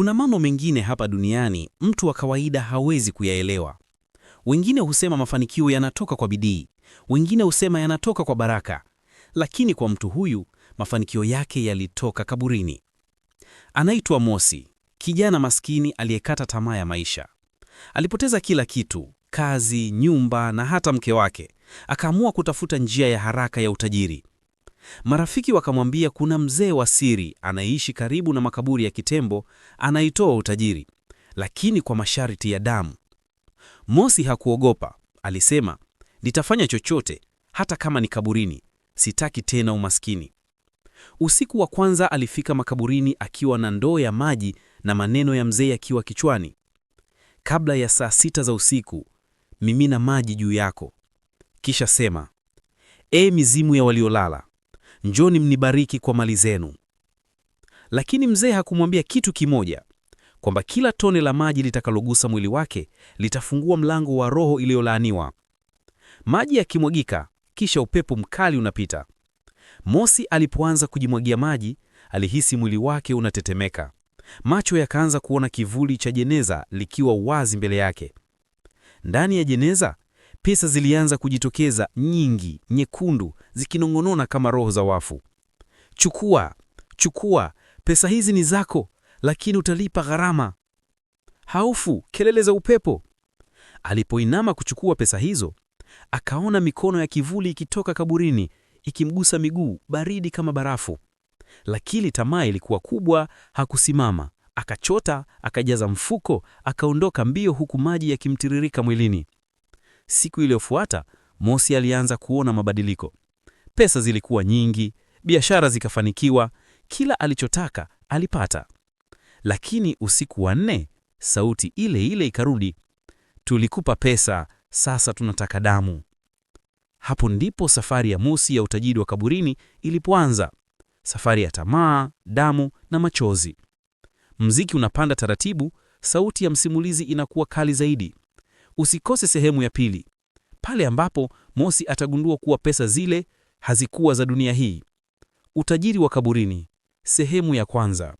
Kuna mambo mengine hapa duniani mtu wa kawaida hawezi kuyaelewa. Wengine husema mafanikio yanatoka kwa bidii, wengine husema yanatoka kwa baraka, lakini kwa mtu huyu mafanikio yake yalitoka kaburini. Anaitwa Mosi, kijana maskini aliyekata tamaa ya maisha. Alipoteza kila kitu, kazi, nyumba na hata mke wake. Akaamua kutafuta njia ya haraka ya utajiri. Marafiki wakamwambia kuna mzee wa siri anayeishi karibu na makaburi ya Kitembo, anaitoa utajiri, lakini kwa masharti ya damu. Mosi hakuogopa, alisema, nitafanya chochote hata kama ni kaburini, sitaki tena umaskini. Usiku wa kwanza alifika makaburini akiwa na ndoo ya maji na maneno ya mzee yakiwa kichwani: kabla ya saa sita za usiku mimina maji juu yako, kisha sema, e mizimu ya waliolala, njoni mnibariki kwa mali zenu. Lakini mzee hakumwambia kitu kimoja, kwamba kila tone la maji litakalogusa mwili wake litafungua mlango wa roho iliyolaaniwa. Maji yakimwagika, kisha upepo mkali unapita. Mosi alipoanza kujimwagia maji, alihisi mwili wake unatetemeka, macho yakaanza kuona kivuli cha jeneza likiwa wazi mbele yake. Ndani ya jeneza Pesa zilianza kujitokeza nyingi, nyekundu, zikinong'onona kama roho za wafu. Chukua, chukua, pesa hizi ni zako, lakini utalipa gharama. Haufu, kelele za upepo. Alipoinama kuchukua pesa hizo, akaona mikono ya kivuli ikitoka kaburini, ikimgusa miguu baridi kama barafu. Lakini tamaa ilikuwa kubwa, hakusimama. Akachota, akajaza mfuko, akaondoka mbio, huku maji yakimtiririka mwilini. Siku iliyofuata Mosi alianza kuona mabadiliko. Pesa zilikuwa nyingi, biashara zikafanikiwa, kila alichotaka alipata. Lakini usiku wa nne, sauti ile ile ikarudi, tulikupa pesa, sasa tunataka damu. Hapo ndipo safari ya Mosi ya utajiri wa kaburini ilipoanza, safari ya tamaa, damu na machozi. Mziki unapanda taratibu, sauti ya msimulizi inakuwa kali zaidi. Usikose sehemu ya pili, pale ambapo Mosi atagundua kuwa pesa zile hazikuwa za dunia hii. Utajiri wa kaburini, sehemu ya kwanza.